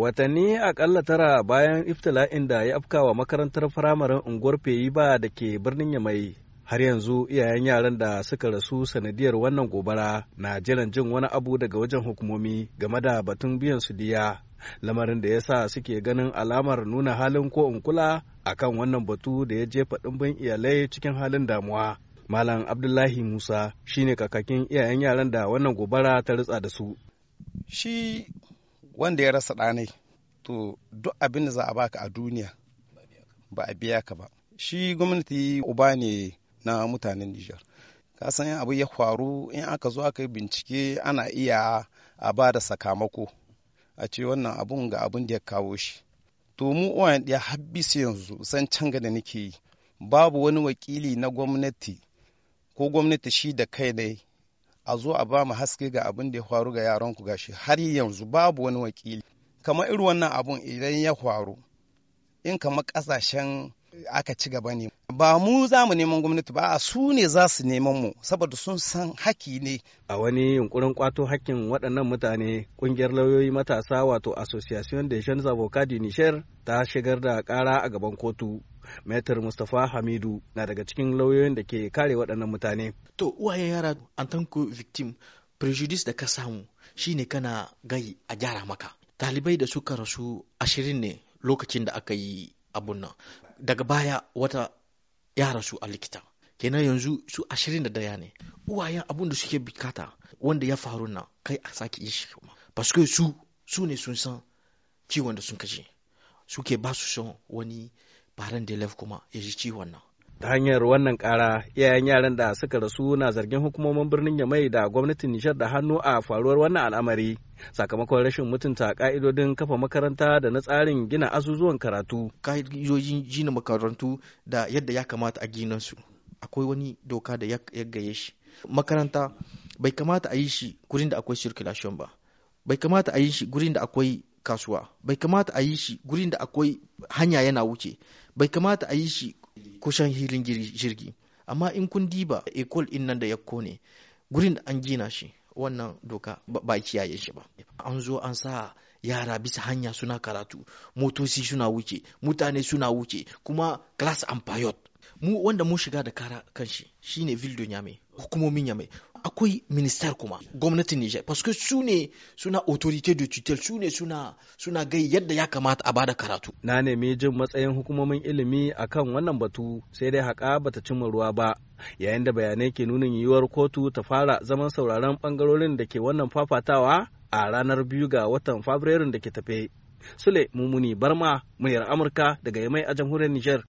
Watanni akalla tara bayan iftila'in da ya afkawa makarantar firamaren unguwar ba da ke birnin Yamai. Har yanzu iyayen yaran da suka rasu sanadiyar wannan gobara na jiran jin wani abu daga wajen hukumomi game da batun biyan su diya. Lamarin da ya sa suke ganin alamar nuna halin ko in kula kan wannan batu da ya jefa ɗumbin iyalai cikin halin damuwa. Malam Abdullahi Musa shine kakakin iyayen yaran da wannan gobara ta ritsa da su. Shi wanda ya rasa ɗanai to duk abin da za a baka a duniya ba a biya ka ba shi gwamnati uba ne na mutanen Nijar ka san abu ya faru in aka zo aka yi bincike ana iya a ba da sakamako a ce wannan abun ga abun da ya kawo shi to mu uwayen ɗaya su yanzu san canga da nake yi babu wani wakili na gwamnati ko gwamnati shi da kai ne a zo a ba mu haske ga abin da ya faru ga yaran ku gashi har yanzu babu wani wakili kamar irin wannan abun idan ya faru in kamar kasashen aka ci gaba ne ba mu za mu neman gwamnati ba a su ne za su neman mu saboda sun san haki ne a wani yunkurin kwato hakkin waɗannan mutane ƙungiyar lauyoyi matasa wato association des jeunes avocats du niger ta shigar da ƙara a gaban kotu Maitar Mustapha Hamidu na daga cikin lauyoyin da ke kare waɗannan mutane. To uwayen yara an tanko victim prejudice da ka samu shine kana gai a gyara maka. Talibai da suka rasu ashirin ne lokacin da aka yi abun nan. Daga baya wata ya rasu a likita. kenan yanzu su ashirin da daya ne uwayen abun da suke bukata wanda ya faru na kai a sake yi shi paske su su ne sun san ciwon da sun kashe suke ba su son wani baran da kuma ya ji ciwon nan ta hanyar wannan kara iyayen yaran da suka rasu na zargin hukumomin birnin yamai da gwamnatin nishar da hannu a faruwar wannan al'amari sakamakon rashin mutunta ka'idodin kafa makaranta da na tsarin gina azuzuwan karatu ka'idodin gina makarantu da yadda ya kamata a gina su akwai wani doka da ya gaye shi makaranta bai kamata a yi shi gurin da akwai circulation ba bai kamata a yi shi gurin da akwai kasuwa bai kamata a yi shi gurin da akwai hanya yana wuce bai kamata a yi shi kusan hilin jirgi amma in kun diba ekol in nan da ya kone gurin da an gina shi wannan doka ba kiyaye shi ba an zo an sa yara bisa hanya suna karatu motoci suna wuce mutane suna wuce kuma class and mu wanda mu shiga da kara kanshi shi shine vildo nyame hukumomin yamai akwai ministar kuma gwamnatin Nijar paske su ne suna autorite de tutel su ne suna suna gai yadda ya kamata a bada karatu na nemi jin matsayin hukumomin ilimi a kan wannan batu sai dai haƙa bata cimma ruwa ba yayin da bayanai ke nunin yiwuwar kotu ta fara zaman sauraron bangarorin da ke wannan fafatawa a ranar biyu ga watan fabrairun da ke tafe sule mumuni barma muryar amurka daga yamai a jamhuriyar Nijar.